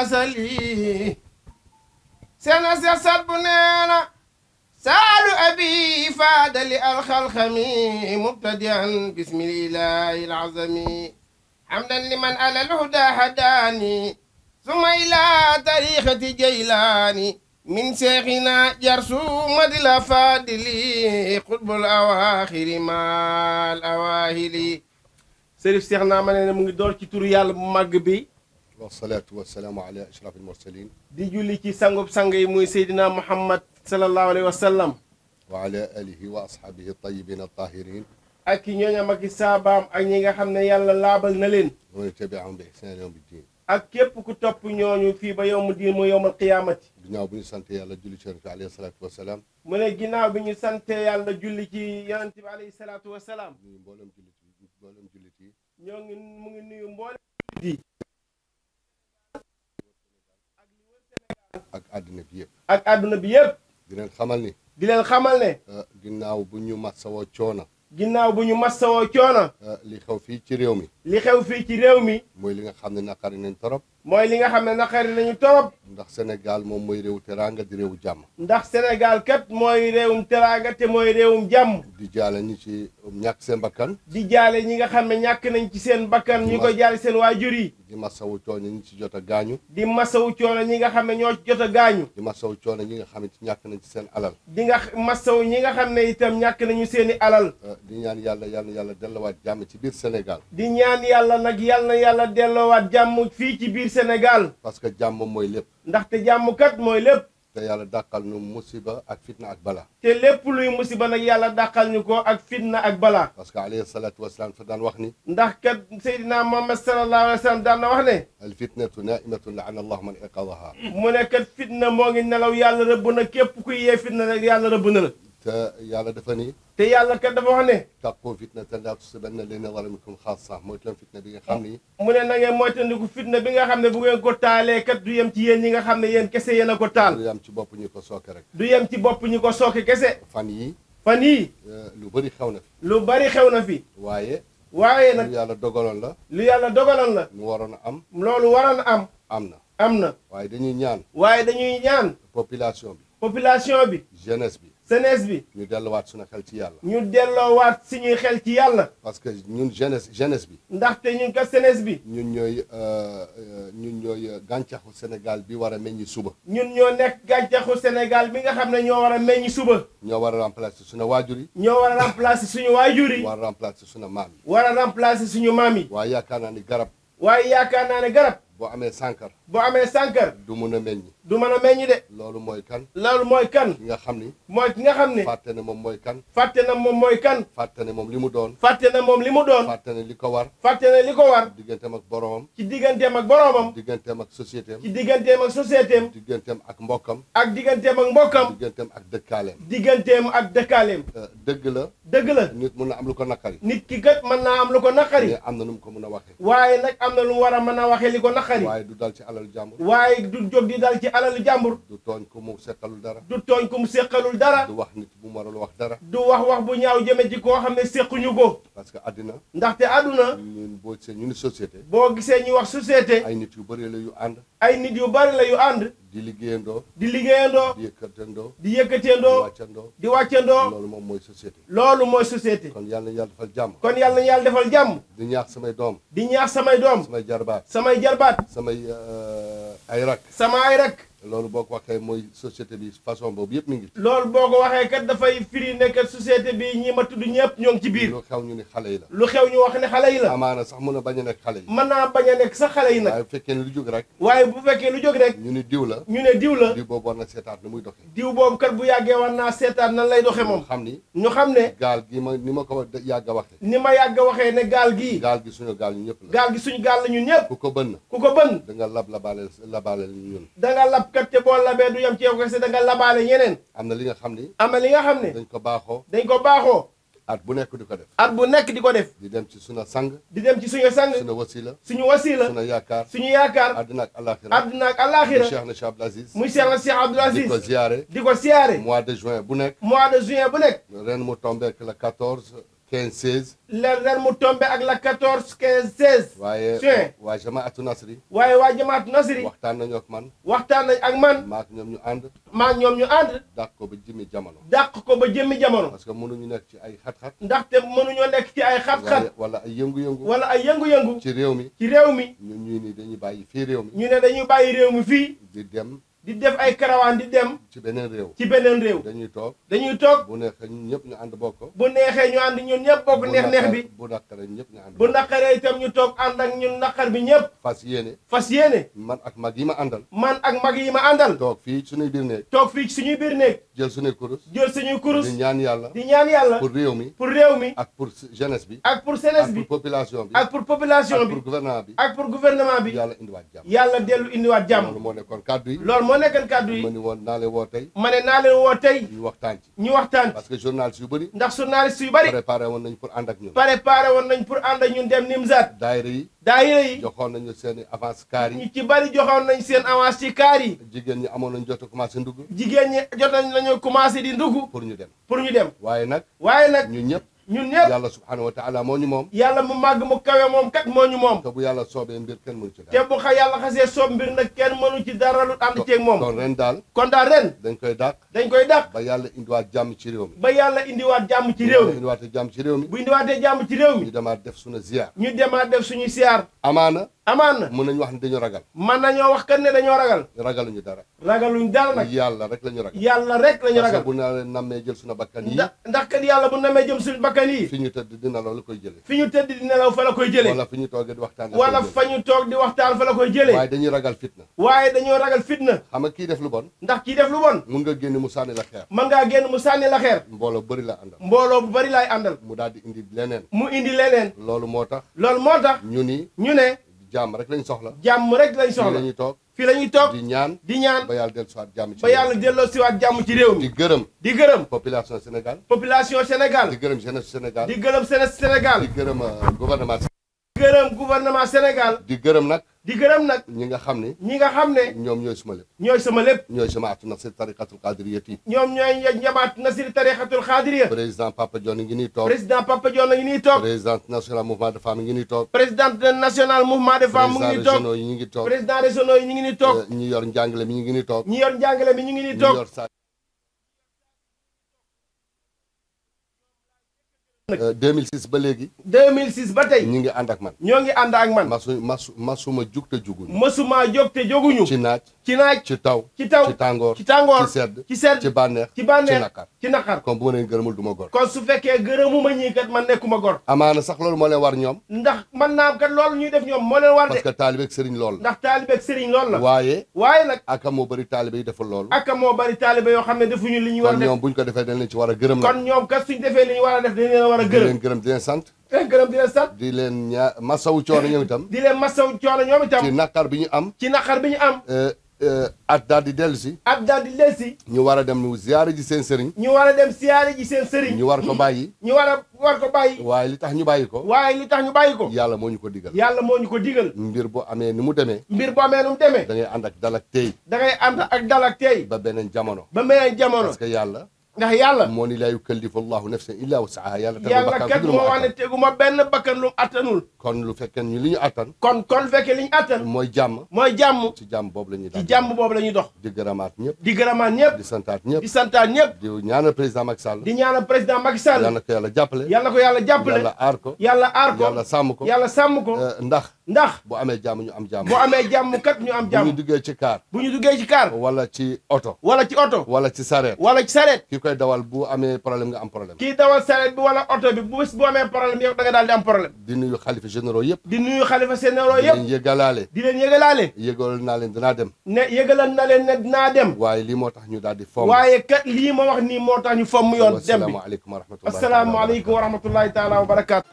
asali sena se satbu neena saalu abi faadali alxalxami mubtadian bismillahi alazami hamdan liman ala alhuda hadani suma ila tarixati jaylaani min seexina jarsu madila faadili xutbul awaaxiri maal awaahili sërif seex naa ma ne mu ngi door ci turu yàlla bu màgg bi wasalaatu wasalaamu ala ashraf almursalin di julli ci sangub sang yi muy seydina muhammad salallahu alayhi wa sallam wa ala alihi wa ashaabihi tayibin altahirin ak ki ñooñam ak i saabaam ak ñi nga xam ne yàlla laabal na leen waman tabiahum bi ihsaan yawm ddin ak képp ku topp ñooñu fii ba yowmu diin mu yowmal qiyaamati ginnaaw bi ñu sante yàlla julli ci yonent bi alayhi salaatu wasalaam mu ne ginnaaw bi ñu sante yàlla julli ci yonent bi alayhi salaatu wasalaam nuyu mboolem jullit yi mboolem jullit yi ñoo ngi mu ngi nuyu mboolem jullit yi àddina bi yëpp. ak àdduna bi yëpp. di leen xamal ni. di leen xamal ne. Ah, ginnaaw bu ñu masawoo coona. ginnaaw bu ñu masawoo coona. Ah, li xew fii ci réew mi. li xew fii ci réew mi. mooy li nga xam ne naqari nañ torop mooy li nga xam ne naqari nañu torop ndax Sénégal moom mooy réew teraanga di réew jàmm ndax Sénégal kat mooy réewum teraanga te mooy réewum jàmm di jaale ñi ci ñàkk seen bakkan di jaale ñi nga xam ne ñàkk nañ ci seen bakkan ñu ko jaale seen waajur yi di masawu coono ñi ci jot a gaañu di masawu coono ñi nga xam ne ñoo ci jot a gaañu di masawu coono ñi nga xam ne ñàkk nañ ci seen alal di nga masawu ñi nga xam ne itam ñàkk nañu seen i alal euh, di ñaan yàlla yàlla yàlla dellowaat jàmm ci biir Sénégal di ñaan yàlla nag yàlla dellowaat jàmm fii ci biir Sénégal. parce que jàmm mooy lépp. ndaxte jàmm kat mooy lépp. te yàlla dàqal ñu musiba ak fitna ak bala te lépp luy musiba nag yàlla dàqal ñu ko ak fitna ak bala parce que alayhi salaatu wasalaam fa daan wax ni. ndax kat Seydina Muhammad sallallahu alayhi wa sallam daan na wax ne. al fitnatu naimatun laana allahu man iqadaha mu ne kat fitna moo ngi nelaw yàlla rëbb na képp kuy yee fitna rek yàlla rëbb na la. te yàlla dafa nii te yàlla kat dafa wax ne taqoo fitna te laa tusibanna lladiina zalamu minkum xaassa mooy tan fitna bi nga xam ni na ngeen fitna bi nga xam ne bu ngeen ko taalee kat du yem ci yéen ñi nga xam ne yéen kese yéen a ko taal du yem ci bopp ñi ko sooke rek du yem ci bopp ñi ko sooke kese fan yi fan yi eh, lu bëri xew na fi lu bëri xew na fi waaye waaye nag lu yàlla dogaloon la lu yàlla dogaloon la mu waroon a am loolu waroon a am am na am na waaye dañuy ñaan waaye dañuy ñaan population bi population bi jeunesse bi jeunesse bi. ñu delloowaat suñu xel ci yàlla. ñu delloowaat suñuy xel ci yàlla. parce que ñun jeunesse jeunesse bi. ndaxte ñun kat jeunesse bi. ñun ñooy euh, euh, ñun ñooy gàncaxu Sénégal bi war a meññ suba. ñun ñoo nekk gàncaxu Sénégal bi nga xam ne ñoo war a meññ suba. ñoo war a remplacer suñu waajur yi. ñoo war a remplacer suñu waajur yi. war a remplacer suñu maam yi. war a remplacer suñu maam yi. waaye yaakaar naa ni garab. waaye yaakaar naa ne garab. boo amee sànkar. boo amee sànkar. du mun a meññ. du mën a meññ de. loolu mooy kan. loolu mooy kan. nga xam ni. mooy ki nga xam ni. fàtte ne moom mooy kan. fàtte na moom mooy kan. fàtte ne moom li mu doon. fàtte na moom li mu doon. fàtte ne li ko war. fàtte ne li ko war. digganteem ak boromam. ci digganteem ak boromam. digganteem ak société am. ci digganteem ak société am. digganteem ak mbokkam. ak digganteem ak mbokkam. digganteem ak dëkkaaleem. digganteem ak dëkkaaleem. Euh, dëgg la. dëgg la nit mun na am lu ko naqari. nit ki kat mën naa am lu ko naqari. mais am na nu mu ko mën a waxee. waaye nag am na lu mu war a mën a waxee li ko naqari. waaye du dal ci alal jàmbur. alalu jàmbur. du tooñ ko mu seqalul dara. du tooñ ko mu seqalul dara. du wax nit bu mu warul wax dara. du wax wax bu ñaaw jëme ci koo xam ne sequñu ko. parce que àddina. ndaxte àdduna. ñun boo gisee ñu ni société. boo gisee ñu wax société. ay nit yu bëri la yu ànd. ay nit yu bëri la yu ànd. di liggéeyandoo. di liggéeyandoo. di yëkkateendoo. di yëkkateendoo. di wàccandoo. di wàccandoo. loolu moom mooy société. loolu mooy société. kon yàlla na yàlla defal jàmm. kon yàlla na yàlla defal jàmm. di ñaax samay doom. di ñaax samay doom. samay jarbaat. samay jarbaat. samay euh, ay rak. sama ay rak. loolu boo ko waxee mooy société bi façon boobu yëpp mu ngi. loolu boo ko waxee kat dafay firi ne kat société bi ñi ma tudd ñëpp ñoo ci biir. lu xew ñu ni xale yi la. lu xew ñu wax ne xale yi la. amaana sax mën a bañ a nekk xale yi. mën naa bañ a nekk sax xale yi nag. waaye bu fekkee lu jóg rek. waaye bu fekkee lu jóg rek. ñu ni diw la. ñu ne diw la diw boobu war na seetaat nu muy doxee. diw boobu kat bu yàggee war naa seetaat na lay doxee moom. xam ni ñu xam ne. gaal gi ma ni ma ko yàgg a ni ma yàgg waxee ne gaal gii. gaal suñu gaal ñëpp la. gaal gi la ñun ñëpp. ku ko bënn ku ko bënn da nga lab labaale labaale ñun da nga lab labkat te boo labee du yam ci yow kese da nga ñeneen. am na li nga xam ni. am na li nga xam ne. dañ ko baaxoo. dañ ko baaxoo. at bu nekk di ko def. at bu nekk di ko def. di dem ci suna sang. di dem ci suñu sang. suñu wasila. suñu wasila. suñu yaakaar. suñu yaakaar. àddina ak alaxira. àddina ak alaxira. na Cheikh Abdoul Aziz. muy na Cheikh Abdoul Aziz. di ko ziare. di ko ziare. mois de juin bu nekk. mois de juin bu nekk. ren 15 16. leer leer mu tombé ak la 14 quinze 16. waaye waa jamaatu nasri. waaye waa jamaatu nasri. waxtaan nañu ak man. waxtaan nañ ak man. maa ak ñoom ñu ànd. maa ak ñoom ñu ànd. dàq ko ba jëmmi jamono. dàq ko ba jëmmi jamono. parce que mënuñu nekk ci ay xat-xat. ndaxte mënuñoo nekk ci ay xat-xat. wala ay yëngu-yëngu. wala ay yëngu ci réew mi. ci réew mi. ñun ñuy ni dañuy bàyyi fii réew mi. ñu ne dañuy bàyyi réew mi fii. di dem. di def ay karawaan di dem. ci beneen réew. ci beneen réew. dañuy toog dañuy toog. bu neexee ñun ñëpp ñu ànd bokk. bu neexee ñu ànd ñun ñëpp bokk neex-neex bi. bu naqaree ñëpp ñu ànd. bu naqaree itam ñu toog ànd ak ñun naqar bi ñëpp. fas yéene. fas yéene. man ak mag yi ma àndal. man ak mag yi ma àndal. toog fii suñuy biir néeg. toog fii suñuy biir néeg. jël suñuy kurus. jël suñuy kurus. di ñaan yàlla. di ñaan yàlla. pour réew mi. pour réew mi. ak pour jeunesse bi. ak pour jeunesse bi. ak pour population bi. ak pour population bi. ak pour gouvernement bi. ak pour gouvernement bi. yàlla indiwaat jàmm. yàlla dellu indiwaat jàmm. loolu moo nekkoon kàddu yi. loolu moo nekkoon kàddu yi ma ne woon naa woo tey ma ne naa tey waxtaan ci ñu waxtaan ci parce que journaliste yu bëri ndax journaliste yu bëri préparé woon nañ pour ànd ak ñun préparé woon nañ pour ànd ak ñun dem Nimzaat daayira yi daayira yi joxoon nañu seen avance kaar yi ñu ci bëri joxoon nañ seen avance ci kaar yi jigéen ñi amoon nañ jot a commencé ndugg jigéen ñi jot nañ la ñoo commencé di ndugg pour ñu dem pour ñu dem waaye nag waaye nag ñun ñëpp ñun ñëpp yàlla subhaanahu wa taala moo ñu moom yàlla mu màgg mu kawe moom kat moo ñu moom te bu yàlla soobee mbir kenn mënu ci dara te bu xa yàlla xasee soob mbir nag kenn mënu ci dara lu ànd ceeg moom kon ren daal kon daal ren dañ koy dàq dañ koy dàq ba yàlla indiwaat jàmm ci réew mi ba yàlla indiwaat jàmm ci réew mi indiwaatee jàmm ci réew mi bu indiwaatee jàmm ci réew mi ñu demaat def suñu ziar ñu demaat def suñu ziar amaana amaan na mën nañu wax ne dañu ragal mën nañoo wax kan ne dañoo ragal ragaluñu dara ragaluñ dara yàlla rek la ñu ragal yàlla rek la ñu ragal bu na nammee jël suñu bakkan yi ndax kat yàlla bu namee jël suñu bakkan yi fi ñu tëdd di nelaw la koy jëlee fi ñu tëdd di nelaw fa la koy jëlee wala fi ñu toogee di waxtaan wala fa ñu toog di waxtaan fa la koy jëlee waaye dañuy ragal fitna waaye dañoo ragal fitna xam kii def lu bon ndax kii def lu bon mun nga génn mu sànni la xeer mën ngaa génn mu sànni la xeer mbooloo bëri la àndal mbooloo bu bëri laay àndal mu daal di indi leneen mu indi leneen loolu moo tax loolu moo tax ñu ni ñu ne jàmm rek lañ soxla. jàmm rek lañ soxla fii la ñuy toog. fii la ñuy toog di ñaan di ñaan ba yàlla dellusiwaat jàmm ci. ba yàlla dellusiwaat jàmm ci réew mi. di gërëm di gërëm. population Sénégal. population Sénégal. di gërëm jeunesse Sénégal. di gërëm jeunesse Sénégal. di gërëm euh, gouvernement. di gouvernement Sénégal. di gërëm nag. di gërëm nag ñi nga xam ne ñi nga xam ne ñoom ñooy sama lépp ñooy sama lépp ñooy jamaatu nasir tariqatul qadiriya fii ñoom ñooy jamaatu nasir tariqatul qadiriya président Papa Dione ngi nii toog président Papa Dione ngi nii toog président national ngi ni toog président national mouvement de ngi nii toog président euh, régionaux ñu ngi nii toog ñi 2006 euh, ba léegi. 2006 ba tey. ñi ngi ànd ak man. ñoo ngi ànd ak man. masu masu masuma jug te juguñu. masumaa ma te joguñu. ci naaj. ci naaj ci taw ci taw ci tàngoor ci tàngoor ci sedd ci sedd ci bànneex ci bànneex ci naqar ci naqar kon bu ma leen gërëmul du ma gor kon su fekkee gërëmu ma ñii kat man nekkuma gor amaana sax loolu moo leen war ñoom ndax man naam kat loolu ñuy def ñoom mo leen war de parce que taalibeeg sëriñ lool la ndax taalibeeg sëriñ lool la waaye waaye nag aka moo bëri taalibe yi deful loolu aka moo bëri taalibe yoo xam ne defuñu li ñuy war a def kon ñoom buñ ko defee leen a gërëm kon ñoom kat suñ defee li ñu war a def dañ a gërëm di gërëm di sant leen eh, gërëm di leen sant di leen ñaa masawu coono ñoom itam di leen masawu coono ñoom itam ci naqar bi ñu am ci naqar bi ñu am eh, eh, at daal di dellu si at daal si ñu war a dem ziyaare ji seen sëriñ ñu war a dem ziyaare ji seen sëriñ ñu war ko bàyyi ñu war a war ko bàyyi waaye li tax ñu bàyyi ko waaye li tax ñu bàyyi ko yàlla moo ñu ko digal yàlla moo ñu ko digal mbir bu amee ni mu demee mbir bu amee ni mu demee da ngay ànd ak dal ak tey ak dal ba beneen jamono ba beneen jamono parce que yàlla ndax yàlla moo ni laa yukallifu allahu nafsan illa wasaha yàlla yàlla kat moo wax ne teguma benn bakkan lu attanul kon lu fekkee ñu li ñu attan kon kon fekkee li ñu mooy jàmm mooy jàmm ci jàmm boobu la ñuy jàmm boobu la ñuy dox di gërëmaat ñëpp di gërëmaat ñëpp di ñëpp di santaat ñëpp di ñaanal président Macky Sall di ñaanal président Macky Sall yàlla ko yàlla jàppale yàlla ko yàlla jàppale yàlla aar ko yàlla aar ko yàlla ko yàlla sàmm ko euh, ndax ndax bu amee jàmm ñu am jàmm bu amee jàmm kat ñu am jàmm bu ñu duggee ci kaar bu ñu duggee ci kaar wala ci oto wala ci oto wala ci sareet wala ci sareet kii koy dawal bu amee problème nga am problème kii dawal sareet bi wala oto bi bu bés bu amee problème yow da nga daal di am problème di nuyu xalifa généraux yëpp di nuyu xalifa généraux yëpp di leen yëgalaale di leen yëgalaale yëgal naa leen dinaa dem ne yëgalal na leen ne dinaa dem waaye lii moo tax ñu daal di fomm waaye kat lii ma wax nii moo tax ñu fomm yoon dem bi asalaamaaleykum wa rahmatullahi taala wa barakaatu